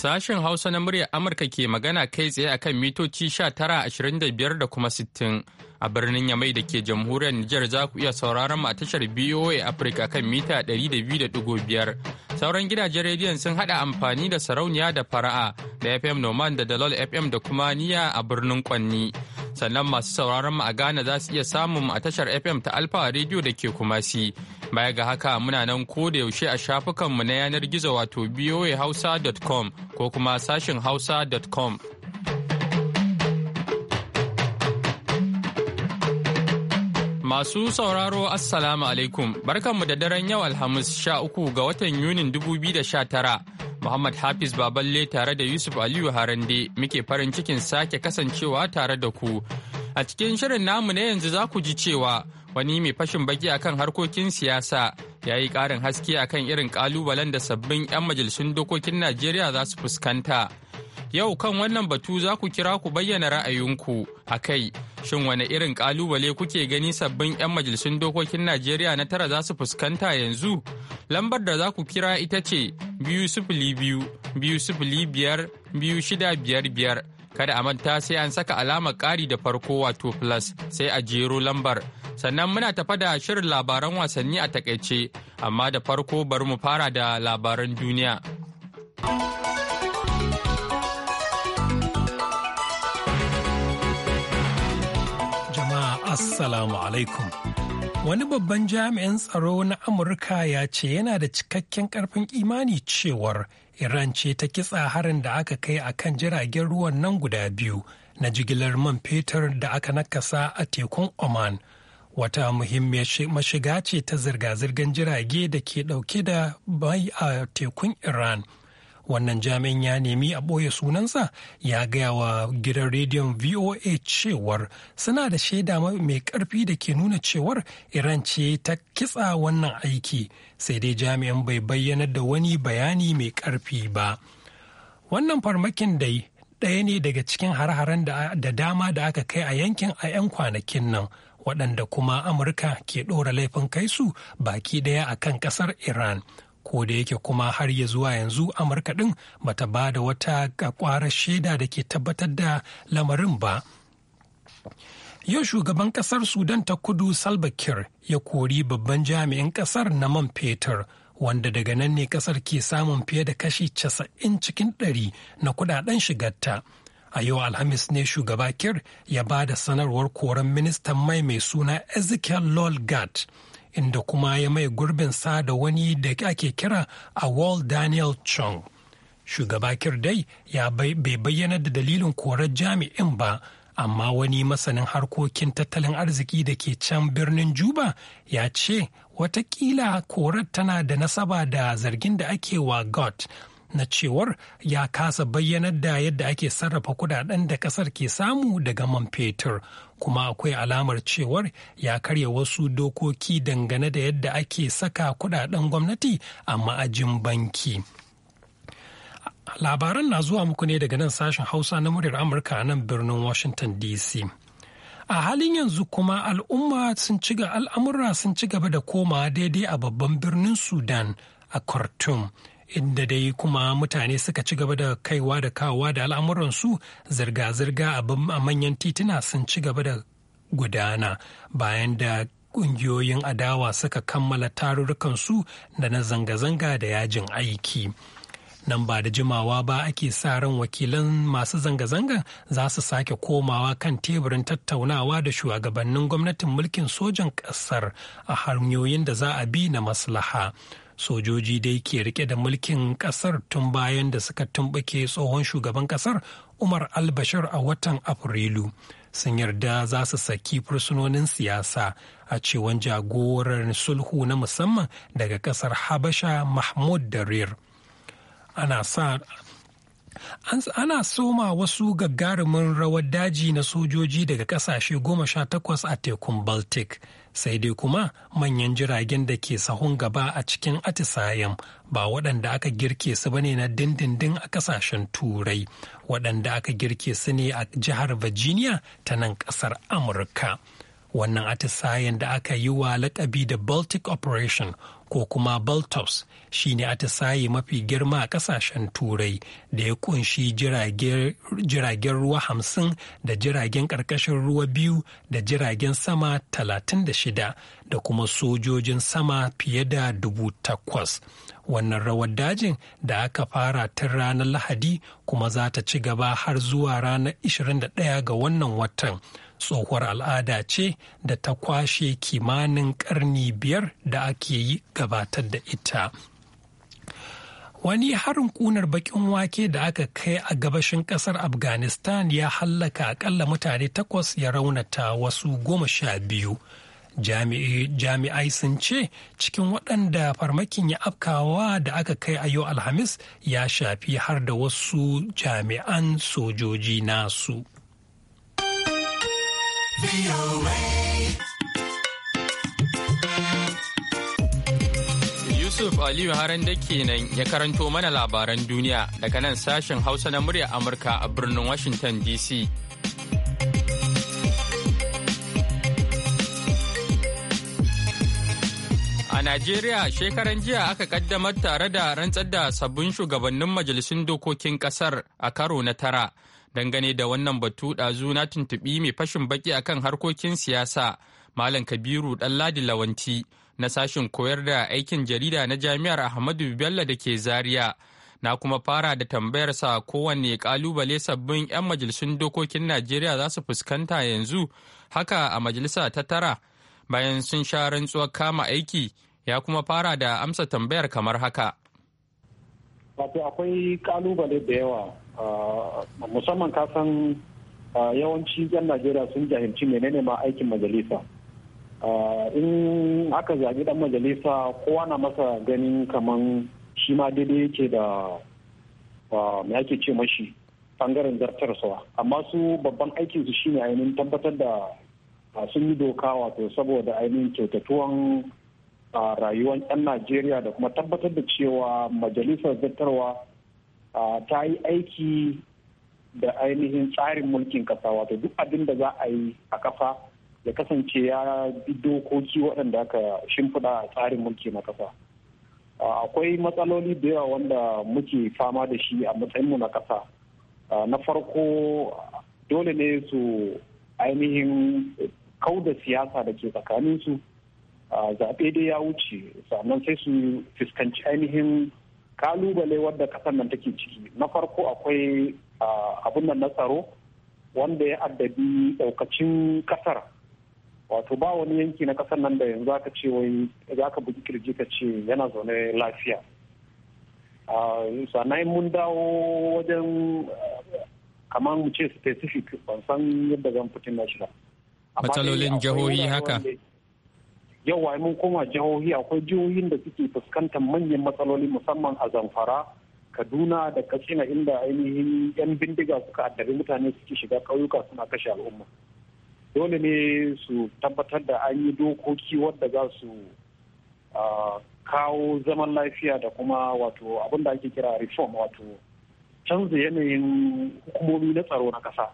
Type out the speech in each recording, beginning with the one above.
Sashen Hausa na muryar Amurka ke magana kai tsaye akan mitoci sha tara ashirin da biyar da kuma sittin a birnin Yamai da ke jamhuriyar Nijar za ku iya sauraron mu a tashar BOA Africa kan mita ɗari da da biyu biyar Sauran gidajen rediyon sun haɗa amfani da sarauniya da fara'a da FM Noman da Dalol FM da kuma niya a birnin Kwanni. sannan masu sauraron mu a Ghana za su iya samun mu a tashar FM ta Alfa Radio da ke Kumasi. Baya ga haka muna nan ko da yaushe a shafukan mu na yanar gizo wato voahausa.com ko kuma sashin hausa.com. Masu sauraro Assalamu alaikum, barkanmu da daren yau Alhamis 13 ga watan Yunin 2019. Muhammad Hafiz Baballe tare da Yusuf Aliyu Harande muke farin cikin sake kasancewa tare da ku. A cikin shirin namu na yanzu za ku ji cewa wani mai fashin baki akan harkokin siyasa ya yi ƙarin haske akan irin ƙalubalen da sabbin 'yan majalisun dokokin Najeriya za su fuskanta. Yau kan wannan batu za ku kira ku bayyana ra'ayinku a kai. Shin wane irin kalubale kuke gani sabbin 'yan majalisun dokokin Najeriya na tara za su fuskanta yanzu? Lambar da za ku kira ita ce biyu sufuli biyu, biyu sufuli biyar, biyu shida biyar biyar. Kada a manta sai an saka alamar ƙari da farko wato plus sai a jero lambar. Sannan muna tafa da shirin labaran wasanni a takaice, amma da farko bari mu fara da labaran duniya. Assalamu alaikum. Wani babban jami'in tsaro na Amurka ya ce yana da cikakken karfin imani cewar Iran ce ta kitsa harin da aka kai a kan jiragen ruwan nan guda biyu na jigilar man fetur da aka nakasa a tekun Oman. Wata muhimmiyar mashiga ce ta zirga-zirgar jirage da ke dauke da bai a tekun Iran. wannan jami'in ya nemi a ɓoye sunansa ya gaya wa gidan rediyon voa cewar suna da shaida mai ƙarfi da ke nuna cewar iran ce ta kitsa wannan aiki sai dai jami'in bai bayyana da wani bayani mai ƙarfi ba wannan farmakin dai ɗaya ne daga cikin har-haren da dama da aka kai a yankin a 'yan kwanakin nan waɗanda kuma amurka ke ɗora laifin kai su baki ɗaya a kan ƙasar iran ko da yake kuma har ya zuwa yanzu amurka ɗin bata ba da wata ƙwarar shaida da ke tabbatar da lamarin ba yau shugaban kasar sudan ta kudu salva kiir ya kori babban jami'in kasar na man fetur wanda daga nan ne kasar ke samun fiye da kashi casa'in cikin 100 na kudaden shigarta a yau alhamis ne shugaba kiir ya ba da sanarwar koren ministan mai mai suna ezekiel lolgat inda kuma ya mai gurbin sa da wani da ake kira a Wall Daniel Chung. Shugaba Kirdai ya bai bayyana da dalilin korar jami'in ba, amma wani masanin harkokin tattalin arziki da ke can birnin Juba ya ce watakila korar tana da nasaba da zargin da ake wa God na cewar ya kasa bayyanar da yadda ake sarrafa kudaden da kasar ke samu daga man fetur kuma akwai alamar cewar ya karya wasu dokoki dangane da yadda ake saka kudaden gwamnati a ma'ajin banki. labaran na zuwa muku ne daga nan sashen hausa na muryar amurka a nan birnin washington dc a halin yanzu kuma al'umma sun ci al'amura sun ci gaba da komawa daidai a babban birnin sudan a khartoum inda dai kuma mutane suka ci gaba da kaiwa da kawowa da al'amuransu zirga-zirga a manyan tituna sun ci gaba da gudana bayan da ƙungiyoyin adawa suka kammala tarurrukansu da na zanga-zanga da yajin aiki. nan ba da jimawa ba ake sa ran wakilan masu zanga zanga za su sake komawa kan teburin tattaunawa da shugabannin gwamnatin mulkin sojan ƙasar a hanyoyin da za a bi na maslaha. sojoji dai ke rike da mulkin kasar tun bayan da suka tumbuke tsohon shugaban kasar umar albashir a watan afrilu sun yarda za su saki fursunonin siyasa a cewan jagorar sulhu na musamman daga kasar habasha mahmud darir ana sa ana soma wasu gagarumin rawar daji na sojoji daga kasashe goma sha takwas a tekun baltic sai dai kuma manyan jiragen da ke sahun gaba a cikin atisayen ba waɗanda aka girke su bane na dindindin a kasashen turai waɗanda aka girke su ne a jihar virginia ta nan ƙasar amurka wannan atisayen da aka yi wa lakabi da baltic operation ko kuma baltos shine atisaye mafi girma a kasashen turai da ya kunshi jiragen ruwa hamsin da jiragen karkashin ruwa biyu da jiragen sama talatin da shida da kuma sojojin sama fiye da dubu takwas wannan rawar dajin da aka fara tun ranar lahadi kuma za ta ci gaba har zuwa ranar 21 ga wannan watan tsohuwar al'ada ce da ta kwashe kimanin ƙarni biyar da ake yi gabatar da ita wani harin kunar bakin wake da aka kai a gabashin ƙasar afghanistan ya hallaka aƙalla mutane takwas ya raunata wasu goma sha biyu jami'ai sun ce cikin waɗanda farmakin ya afkawa da aka kai a yau alhamis ya shafi har da wasu jami'an sojoji nasu Yusuf Aliyu Haran da nan ya karanto mana labaran duniya daga nan sashen Hausa na murya Amurka a birnin Washington DC. A Najeriya shekaran jiya aka kaddamar tare da rantsar da sabbin shugabannin majalisun dokokin kasar a karo na tara Dangane da wannan batu ɗazu na tuntuɓi mai fashin baki akan harkokin siyasa Malam Kabiru Ɗanladi Lawanti na sashin koyar da aikin jarida na Jami'ar Ahmadu Bello da ke Zaria. Na kuma fara da tambayarsa kowanne kalubale sabbin 'yan majalisun dokokin Najeriya za su fuskanta yanzu haka a majalisa ta tara bayan sun sha rantsuwar kama aiki ya kuma fara da amsa tambayar kamar haka. Wato akwai kalubale da yawa Ah, musamman kasan ah, yawanci yan najeriya sun jahilci menene ma aikin majalisa ah, in aka zaɓi ɗan majalisa kowa na masa ganin kaman shi ma daidai yake da me ake ce mashi bangaren zartarsa amma su babban aikin su shine ainihin tabbatar da sun yi doka wato saboda ainihin kyautatuwan rayuwar 'yan najeriya da kuma tabbatar da cewa majalisar zartarwa ta yi aiki da ainihin tsarin mulkin kasa wato duk abin da za a yi a ƙasa ya kasance ya bi dokoki waɗanda aka shimfiɗa a tsarin mulki na kasa akwai matsaloli da yawa wanda muke fama da shi a matsayinmu na kasa na farko dole ne su ainihin kau da siyasa da ke tsakaninsu zaɓe dai ya wuce sannan sai su fuskanci ainihin kalubale wadda kasar nan take ciki na farko akwai abun nan na tsaro wanda ya addabi daukacin kasar wato ba wani yanki na kasar nan da yanzu aka ce wai za ka bugi kirji ka ce yana zaune lafiya sannan mun dawo wajen kamar mu ce specific ban san yadda zan fitin na shi ba matsalolin jihohi haka yau mun koma jihohi akwai jihohin da suke fuskantar manyan matsaloli musamman a zamfara kaduna da katsina inda ainihin yan bindiga suka addabi mutane suke shiga ƙauyuka suna kashe al'umma dole ne su tabbatar da an yi dokoki wadda za su kawo zaman lafiya da kuma wato abin da ake kira reform wato canza yanayin hukumomi na tsaro na kasa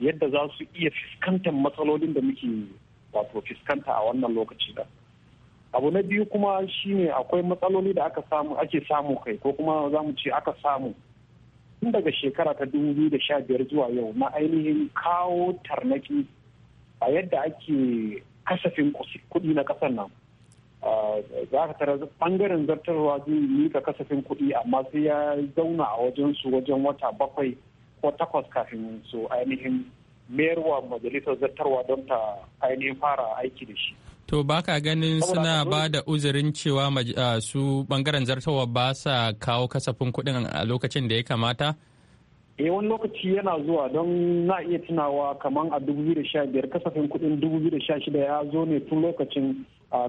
yadda za su iya fuskantar matsalolin da muke wato fiskanta a wannan lokaci da abu na biyu kuma shine akwai matsaloli da aka samu ake samu kai ko kuma za mu ce aka samu tun daga shekara ta da sha biyar zuwa yau na ainihin kawo tarnaki a yadda ake kasafin kuɗi na ƙasar nan za ka tara bangaren zartarwa zai mika kasafin kuɗi amma sai ya zauna a wajen su wajen wata bakwai ko takwas kafin su ainihin mayarwa majalisar zartarwa don ta ainihin fara aiki da shi. To baka ganin suna ba da uzurin cewa su bangaren zartarwa ba sa kawo kasafin kuɗin a lokacin da ya kamata? Eh wani lokaci yana zuwa don na iya tunawa kamar a 2015 kasafin kuɗin 2016 ya zo ne tun lokacin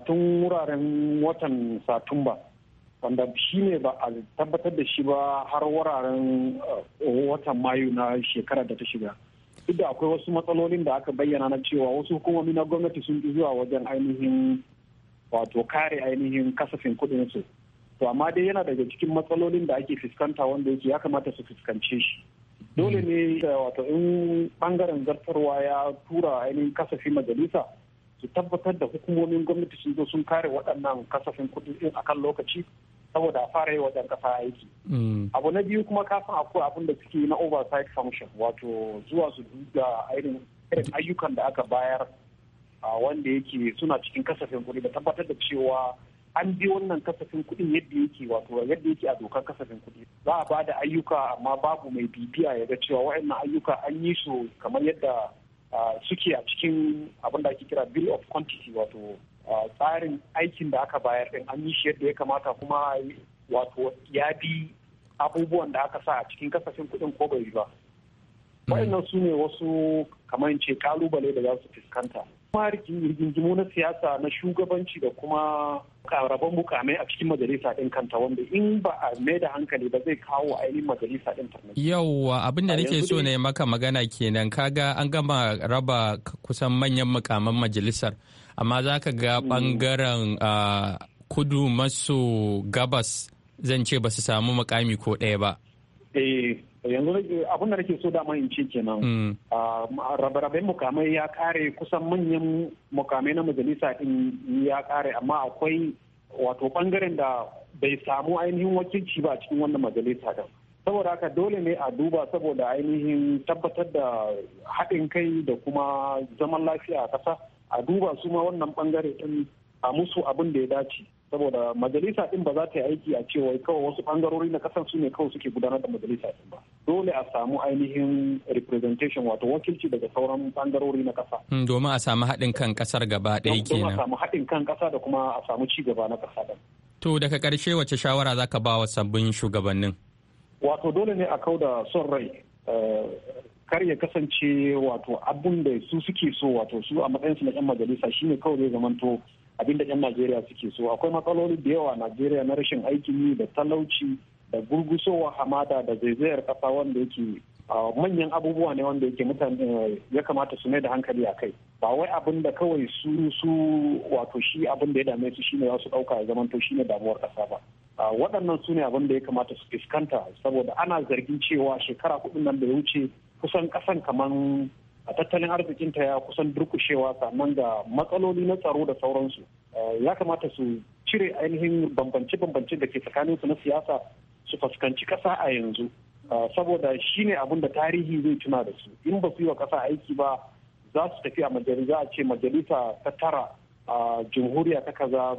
tun wuraren watan Satumba. wanda shi ne ba a tabbatar da shi ba har wuraren watan mayu na shekarar da ta shiga duk da akwai wasu matsalolin da aka bayyana na cewa wasu hukumomi na gwamnati sun ki zuwa wajen ainihin wato kare ainihin kasafin kuɗin su to amma dai yana daga cikin matsalolin da ake fuskanta wanda yake ya kamata su fuskance shi dole ne wato in bangaren zartarwa ya tura ainihin kasafin majalisa su tabbatar da hukumomin gwamnati sun zo sun kare waɗannan kasafin kuɗi a kan lokaci saboda fara yi wajen kasa aiki. Mm. Abu na biyu kuma kafin akwai abin da suke na oversight function wato zuwa su duba irin ayyukan da aka bayar wanda yake suna cikin kasafin kuɗi da tabbatar da cewa an bi wannan kasafin kuɗin yadda yake wato yadda yake a dokar kasafin kuɗi za a bada ayyuka amma babu mai bibiya ya ga cewa wa'annan ayyuka an yi su kamar yadda suke a cikin abin da ake kira bill of quantity wato tsarin aikin da aka bayar din an yi shi yadda ya kamata kuma wato ya bi abubuwan da aka sa a cikin kasashen kuɗin ko bai ba hmm. wa'annan su ne wasu kamar ce kalubale da za su fuskanta kuma rigingimu na siyasa na shugabanci da kuma rabon mukamai a cikin majalisa ɗin kanta wanda in ba a mai da hankali ba zai kawo ainihin majalisa ɗin tarnaki. yauwa abin da nake so ne maka magana kenan kaga an gama raba kusan manyan mukaman majalisar amma za ka ga bangaren mm. kudu maso gabas zan ce ba su samu makami ko ɗaya ba eh, yanzu abin da nake so da in ce kenan mm. rabe-raben mukamai ya kare kusan manyan mukamai na majalisa din ya kare amma akwai wato bangaren da bai samu ainihin wakilci ba cikin wannan majalisa din saboda haka dole ne a duba saboda ainihin tabbatar da haɗin kai da kuma zaman lafiya a ƙasa a duba su ma wannan bangare din a musu abin da ya dace saboda majalisa din ba za ta yi aiki a cewa kawai wasu bangarori na kasan su ne kawai suke gudanar da majalisa din ba dole a samu ainihin representation wato wakilci daga sauran bangarori na kasa hmm, domin a samu haɗin kan kasar gaba ɗaya kenan domin a samu haɗin kan kasa da kuma a samu ci gaba na kasa din to daga karshe wace shawara zaka ba wa sabbin shugabannin wato dole ne a kauda son rai eh, kar ya kasance wato abun da su suke so wato su a matsayinsu na 'yan majalisa shine kawai zai zamanto abin da 'yan najeriya suke so akwai matsaloli da yawa najeriya na rashin aikin yi da talauci da gurgusowa hamada da zaizayar kasa wanda yake manyan abubuwa ne wanda yake mutane eh, ya kamata su mai da hankali a kai ba wai abin da kawai su su wato shi abin da ya dame su shine za su dauka ya zamanto shine damuwar kasa ba waɗannan su ne abin da ya kamata su fuskanta saboda ana zargin cewa shekara kuɗin nan da ya wuce kusan kasan kaman a tattalin arzikinta ya kusan durkushewa sannan da matsaloli na tsaro da sauransu eh, ya kamata su cire ainihin bambance-bambance da ke tsakaninsu na siyasa su fuskanci kasa a yanzu eh, saboda shi ne abin da tarihi zai tuna da su in ba su yi wa kasa aiki ba za su tafi a majalisa a ce majalisa ta tara a jamhuriya ta kaza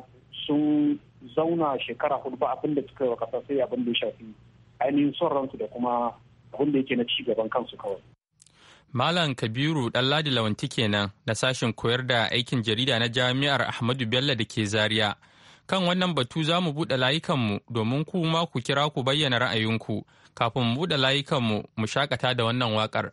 sun zauna shekara hudu ba abin da suka yi wa ƙasa sai abin da ya shafi ainihin son ransu da kuma abinda yake na ci gaban kansu kawai Malam Kabiru dan ladi Lawanti kenan na sashen koyar da aikin jarida na Jami'ar Ahmadu Bello da ke Zaria. Kan wannan batu za mu buɗe layukanmu domin kuma ku kira ku bayyana ra'ayinku kafin mu buɗe layukanmu mu shakata da wannan waƙar.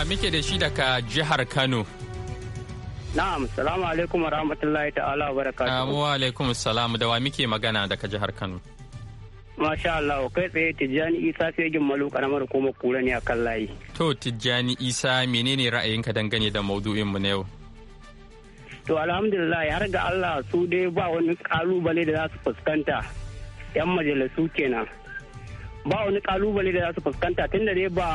wa muke da shi daga jihar Kano. Na'am, salamu alaikum wa rahmatullahi ta'ala wa barakatuhu. Wa alaikum salamu da wa muke magana daga jihar Kano. Masha Allah, kai tsaye Tijjani Isa Fegin Malu karamar kuma kura ne a kan layi. To Tijjani Isa menene ra'ayinka dangane da maudu'in mu na yau? To alhamdulillah har ga Allah su dai ba wani kalubale da za su fuskanta. Yan majalisu kenan. Ba wani kalubale da za su fuskanta tunda dai ba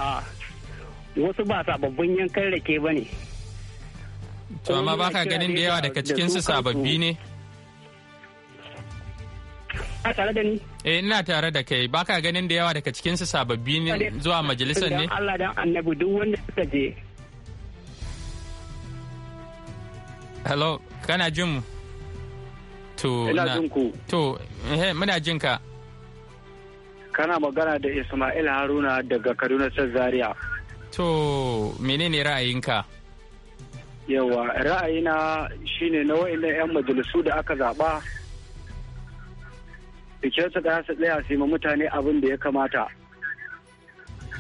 wasu ba sababbin yankan rake ba ne to amma ba ka ganin da yawa daga cikinsu sababbi ne a tare da ni eh ina tare da kai ba ka ganin da yawa daga cikinsu sababbi ne zuwa majalisar ne Allah dan annabi duk wanda suka je hello kana jin mu to ina jin ku to he, eh, muna jin ka kana magana da Ismail Haruna daga Kaduna Zaria To menene ra'ayinka? Yawa ra'ayina shine na wa'annan 'yan majalisu da aka zaɓa su da su tsaya su ma mutane abin da ya kamata.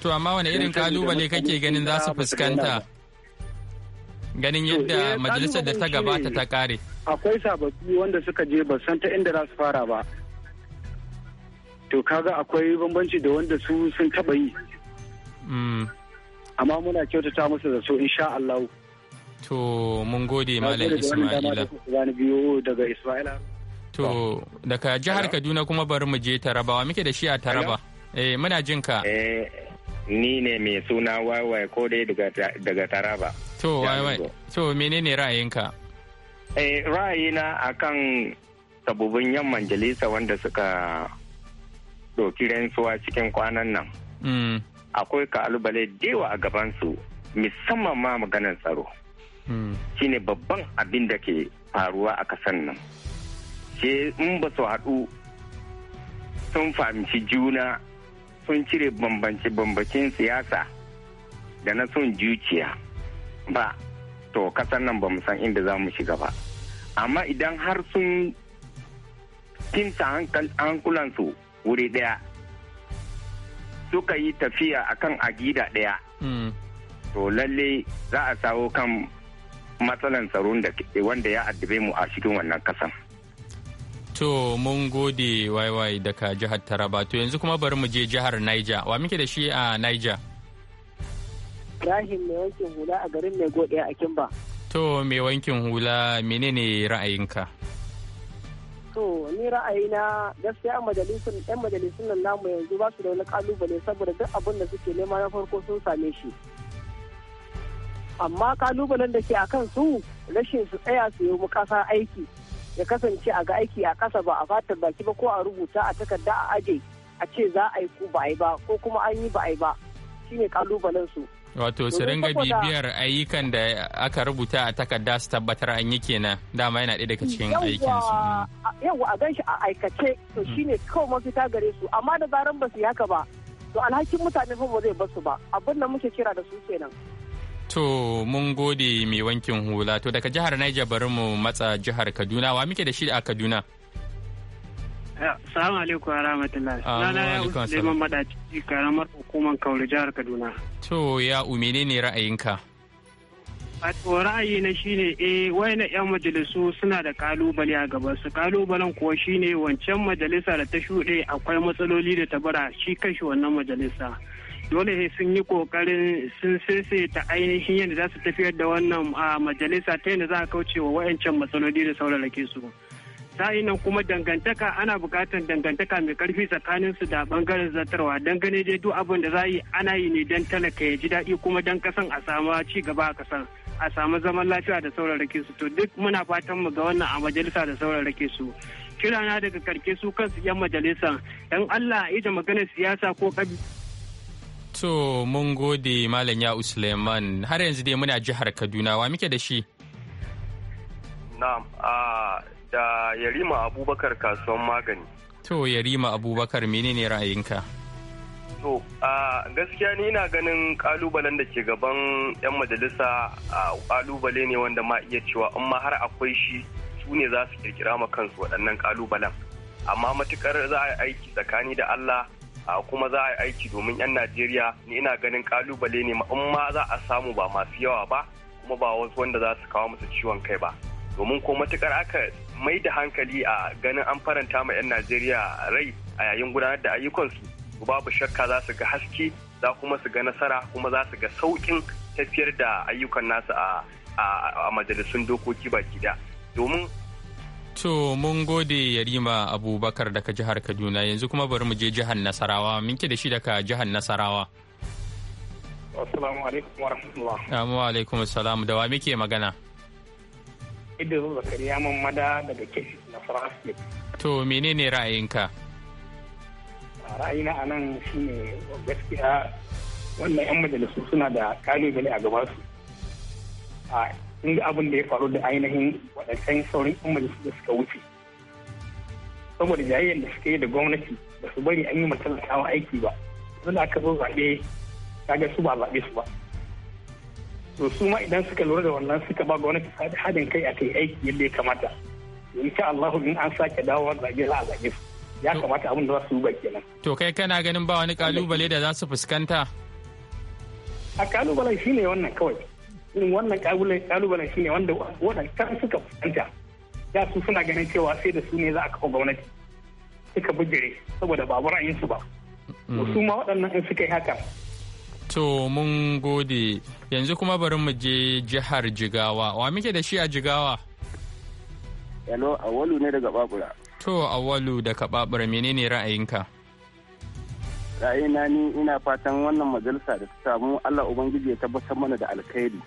To amma wani irin kalubale kake ganin za su fuskanta? Ganin yadda eh, majalisar da ta gabata ta kare. Akwai sababbi wanda suka je ba san ta inda za su fara ba. To kaga akwai bambanci da wanda su sun taɓa yi. Mm. amma muna kyautata musu da su insha Allah to mun gode malam Isma'ila daga Isma'ila to daga jihar Kaduna kuma bari mu je Taraba muke da shi a Taraba eh muna jin ka eh ni ne mai suna waiwai ko dai daga Taraba to waiwai to menene ra'ayinka eh ra'ayina akan sabobin yan majalisa wanda suka doki rantsuwa cikin kwanan nan mm. akwai kalubale da yawa a gabansu musamman ma maganar tsaro hmm. shine babban abin da ke faruwa a kasan nan sai in ba su haɗu sun fahimci juna sun cire bambance-bambancin siyasa da na son juciya ba to kasan nan ba san inda za mu shiga ba amma idan har sun kinta hankulansu wuri ɗaya suka yi tafiya akan agida ɗaya hmm. to lalle za a sawo kan matsalan tsaron da wanda ya addube mu a cikin wannan kasan. To mun gode waiwai daga jihar Taraba to yanzu kuma bari mu je jihar Niger wa muke da shi a Niger. Rahim mai wankin hula a garin mai godiya a Kimba. To mai wankin hula menene ra'ayinka? To ni ra'ayina gaskiya majalisun ɗan majalisun nan namu yanzu ba su da wani kalubale saboda duk abin da suke nema na farko sun same shi. Amma kalubalen da ke a kan su rashin su tsaya su yi kasa aiki ya kasance a ga aiki a kasa ba a fatar baki ba ko a rubuta a takarda a aje a ce za a yi ku ba a yi ba ko kuma an yi ba a yi ba shine kalubalen su. Wato su ringa bibiyar ayyukan da aka rubuta a takarda su tabbatar an yi kenan dama yana ɗaya daga cikin aikin su. Yawwa a ganshi a aikace to mm. shine kawai mafita gare su amma da zaran ba su yi ba to alhakin mutane ba zai basu ba abin da muke kira da su kenan. To mun gode mai wankin hula to daga jihar Niger bari mu matsa jihar Kaduna wa muke da shi a Kaduna. Salamu alaikum wa rahmatullahi. Ah, Sana ya Suleiman Madaci karamar hukumar Kauri jihar Kaduna. To ya umene ne ra'ayinka? Wato ra'ayi na shine eh wayannan 'yan majalisu suna da kalubale a gaba su kalubalen kuwa shine wancan majalisa da ta shuɗe akwai matsaloli da ta bara shi wannan majalisa. dole sai sun yi kokarin sun ta ainihin yadda za su tafiyar da wannan ah, majalisa ta yadda za a kauce wa wayancan matsaloli da saurarake su. sa'in nan kuma dangantaka ana bukatar dangantaka mai karfi tsakanin su da bangaren zartarwa dangane dai duk abin da za yi ana yi ne don talaka ya ji daɗi kuma don kasan a samu ci gaba a kasan a samu zaman lafiya da saurarake su to duk muna fatan mu ga wannan a majalisa da saurarake su kirana daga karke su kansu 'yan majalisa yan Allah ita maganar siyasa ko kabi To mun gode Malam Ya'u Suleiman har yanzu dai muna jihar Kaduna wa muke da shi? Ah, da Yarima Abubakar kasuwan magani. To Yarima Abubakar menene ra'ayinka? To a gaskiya ni na ganin kalubalen da ke gaban 'yan majalisa a kalubale ne wanda ma iya cewa in ma har akwai shi su ne za su kirkira ma kansu waɗannan kalubalen. Amma matukar za a yi aiki tsakani da Allah kuma za a yi aiki domin 'yan Najeriya ni ina ganin kalubale ne in ma za a samu ba masu yawa ba kuma ba wasu wanda za su kawo musu ciwon kai ba. domin ko matukar aka mai da hankali a ganin an faranta ma 'yan najeriya rai a yayin gudanar da ayyukansu babu shakka za su ga haske za kuma su ga nasara kuma za su ga sauƙin tafiyar da ayyukan nasu a majalisun dokoki baki da domin To mun gode Yarima Abubakar daga jihar Kaduna yanzu kuma bari mu je jihar Nasarawa minke da shi daga jihar Nasarawa. Assalamu alaikum wa rahmatullah. Assalamu alaikum salam da wa muke magana? Idris Zakariya Mamada daga Kefi na France. To menene ra'ayinka? Ra'ayina a nan shine gaskiya wannan 'yan majalisu suna da kalubale a gabasu. A inda abin da ya faru da ainihin waɗancan saurin 'yan majalisu da suka wuce. Saboda jayayyar da suka yi da gwamnati ba su bari an yi matalakawa aiki ba. Suna aka zo zaɓe, kaga su ba zaɓe su ba. to su ma idan suka lura da wannan suka ba gwamnati haɗin kai a kai aiki yadda ya kamata insha Allahu in an sake dawowa zage za a zage ya kamata abin da za su yi ba kenan to kai kana ganin ba wani kalubale da za su fuskanta a kalubalen shine wannan kawai irin wannan kalubalen shine wanda kan suka fuskanta da su suna ganin cewa sai da su ne za a kafa gwamnati suka bijire saboda babu ra'ayinsu ba mm. su ma waɗannan in suka yi haka To mun gode yanzu kuma bari mu je jihar Jigawa. Wa muke da shi a Jigawa? Yalo, awalu ne daga Babura. To awalu daga Babura menene ra'ayinka? Ra'ayina ni ina fatan wannan majalisa da ta samu Allah Ubangiji ya tabbatar mana da alkhairi.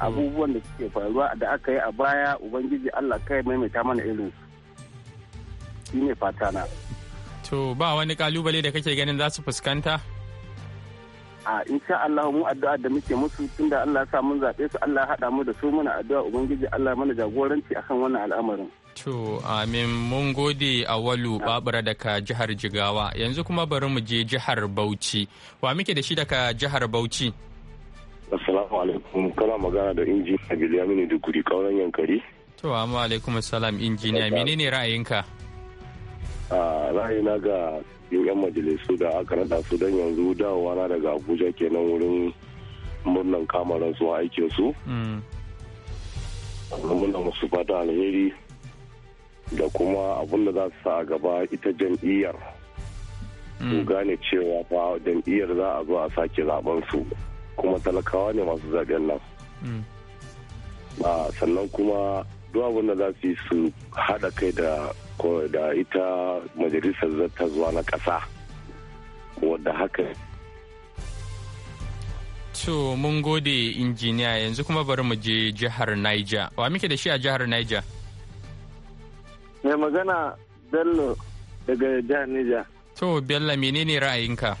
Abubuwan da suke faruwa da aka yi a baya Ubangiji Allah kai maimaita mana irin Shi ne fatana. To ba wani kalubale da kake ganin za su fuskanta? a insha Allah mu addu'a da muke musu tunda Allah sa mun zaɓe su Allah haɗa mu da su muna addu'a ubangiji Allah mana jagoranci akan wannan al'amarin to amin mun gode a walu babura daga jihar Jigawa yanzu kuma bari mu je jihar Bauchi wa muke da shi daga jihar Bauchi Assalamu alaikum kana magana da injiniya da guri kauran Yankari to amma alaikum assalam injiniya menene ra'ayinka a ra'ayina ga sababbin 'yan majalisu da aka rada su don yanzu dawowa na daga abuja kenan wurin murnan kamaran su aikin su mm. muna musu fata alheri da kuma abin da za su sa a gaba ita jam'iyyar su mm. gane cewa fa jam'iyyar za a zo a sake zaben su kuma talakawa ne masu zaben nan mm. ah, sannan kuma duk abin da za su yi su haɗa kai da ko da ita majalisar zata zuwa na ƙasa wadda haka to mun gode injiniya yanzu kuma bari mu je jihar Niger wa muke da shi a jihar Niger mai magana Bello daga jihar Niger to Bello menene ra'ayinka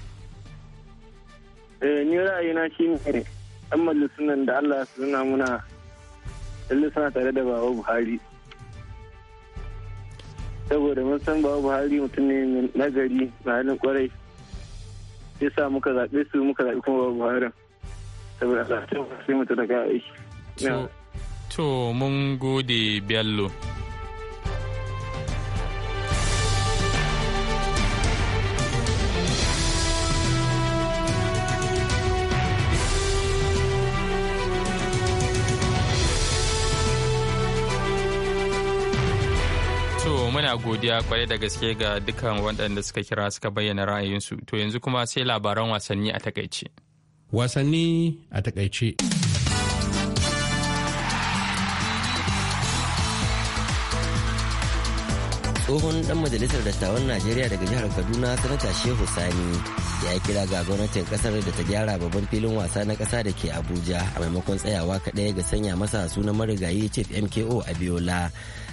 eh ni ra'ayina shine amma majalisun nan da Allah ya suna muna lallai suna tare da Baba Buhari saboda mun san babu hali mutum ne nagari na halin kwarai sai sa muka zaɓe su muka zaɓe kuma babu buhari saboda sai mutum daga aiki to mun gode bello muna godiya kwarai da gaske ga dukkan waɗanda suka kira suka bayyana ra'ayinsu to yanzu kuma sai labaran wasanni a takaice wasanni a takaice tsohon dan majalisar dattawan najeriya daga jihar kaduna sanata shehu sani ya kira ga gwamnatin kasar da ta gyara babban filin wasa na kasa da ke abuja a maimakon tsayawa kaɗaya ga sanya masa sunan marigayi chief mko abiola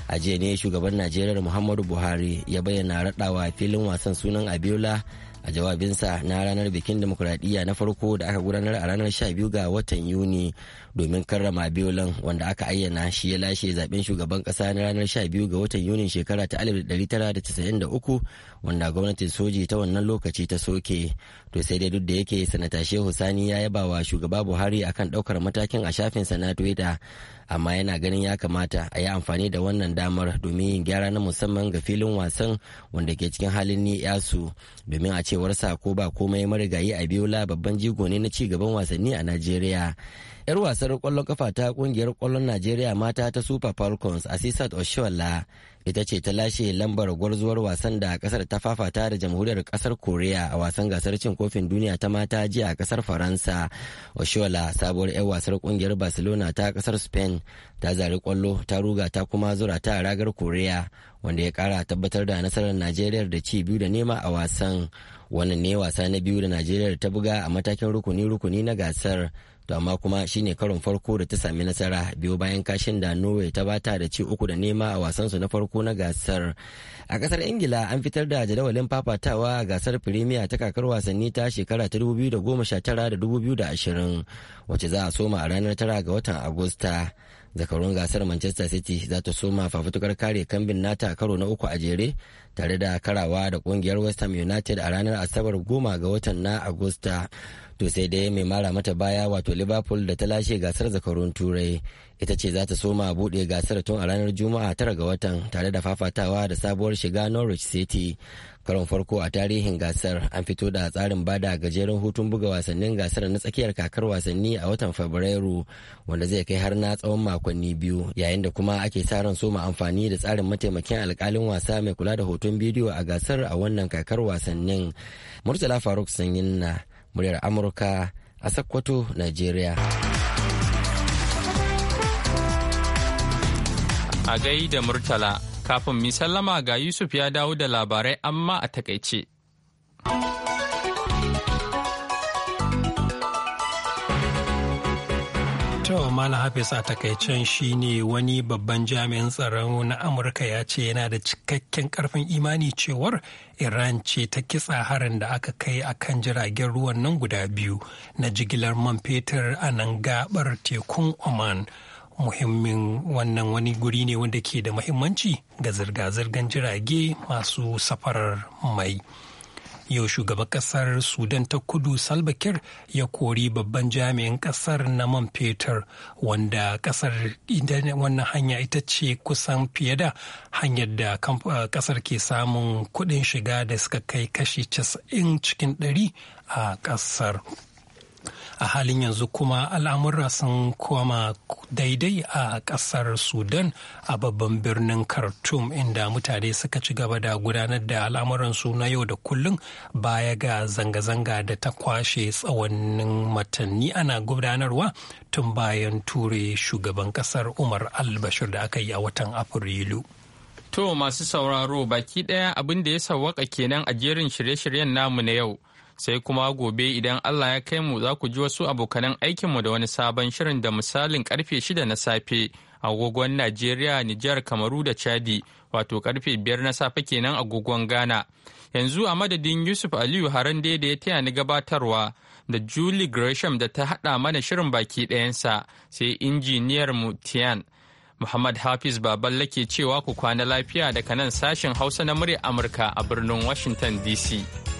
a jiya ne shugaban najeriya muhammadu buhari ya bayyana raɗawa filin wasan sunan abiola a jawabinsa na ranar bikin demokuraɗiyya na farko da aka gudanar a ranar 12 ga watan yuni domin karrama biolin wanda aka ayyana shi ya lashe zaben shugaban kasa na ranar 12 ga watan yuni shekara ta 1993 wanda gwamnatin soji ta wannan lokaci ta soke to sai dai duk da yake sanata shehu sani ya yaba wa shugaba buhari akan ɗaukar matakin a shafin na twitter amma yana ganin ya kamata a yi amfani da wannan damar domin yin gyara na musamman ga filin wasan wanda ke cikin halin ni yasu domin a ce sa ko ba komai marigayi a biola babban jigo ne na gaban wasanni a najeriya yar wasar kwallon kafa ta kungiyar kwallon najeriya mata ta super falcons a asisat oshola ita ce ta lashe lambar gwarzuwar wasan da kasar ta fafata da jamhuriyar kasar Koriya a wasan gasar cin kofin duniya ta mata jiya a kasar faransa oshola sabuwar 'yar wasar kungiyar barcelona ta kasar spain ta zari kwallo ta ruga ta kuma zura ta ragar Koriya. wanda ya kara tabbatar da nasarar najeriya da ci biyu da nema a wasan wannan ne wasa na biyu da najeriya ta buga a matakin rukuni-rukuni na gasar to amma kuma shine karon farko da ta sami nasara biyu bayan kashin da norway ta bata da ci uku da nema a wasansu na farko na gasar a kasar ingila an fitar da jadawalin fafatawa a gasar firimiya ta kakar wasanni ta shekara ta 2019 da 2020 wacce za a soma a ranar 9 ga watan agusta zakarun gasar manchester city za ta soma fafutukar kare kambin nata karo na uku a jere tare da karawa da kungiyar west ham united a ranar asabar goma ga watan na agusta to sai dai mai mara mata baya wato liverpool da ta lashe gasar zakarun turai ita ce za ta soma buɗe gasar tun a ranar juma'a tara ga watan tare da fafatawa da sabuwar shiga norwich city karon farko a tarihin gasar an fito da tsarin bada gajeren hutun buga wasannin gasar na tsakiyar kakar wasanni a watan fabrairu wanda zai kai har na tsawon makonni biyu yayin da kuma ake sa ran soma amfani da tsarin mataimakin alkalin wasa mai kula da hoton bidiyo a gasar a wannan kakar wasannin murtala faruk sanyin na muryar amurka a sokoto nigeria a gai da murtala kafin mi sallama ga yusuf ya dawo da labarai amma a takaice To Mala Hafiz a takaicen shine wani babban jami'in tsaro na Amurka ya ce yana da cikakken karfin imani cewar Iran ce ta kitsa harin da aka kai a kan jiragen ruwan nan guda biyu na jigilar man fetur a nan gabar tekun Oman. Muhimmin wannan wani guri ne wanda ke da muhimmanci ga zirga-zirgar jirage masu safarar mai. yau shugaban kasar sudan ta kudu salva ya kori babban jami'in kasar na man fetur wanda kasar wannan hanya ita ce kusan fiye da hanyar da kasar ke samun kudin shiga da suka kai kashi 90 cikin 100 a kasar. a halin yanzu kuma al'amura sun koma daidai a kasar sudan a babban birnin khartoum inda mutane suka ci gaba da gudanar da al'amuransu na yau da kullum baya ga zanga-zanga da ta kwashe tsawonin matanni ana gudanarwa tun bayan ture shugaban kasar umar al da aka yi a watan afrilu to masu sauraro baki daya abin da ya sawwaka kenan a jerin shirye-shiryen namu na yau sai kuma gobe idan Allah ya kai mu za ku ji wasu abokanan aikinmu da wani sabon shirin da misalin karfe shida na safe agogon Najeriya, Nijar, Kamaru da Chadi wato karfe biyar na safe kenan agogon Ghana. Yanzu a madadin Yusuf Aliyu Harande da ya taya ni gabatarwa da Julie Gresham da ta haɗa mana shirin baki ɗayansa sai injiniyar mu Tian. Muhammad Hafiz Baballe ke cewa ku kwana lafiya daga nan sashen Hausa na murya Amurka a birnin Washington DC.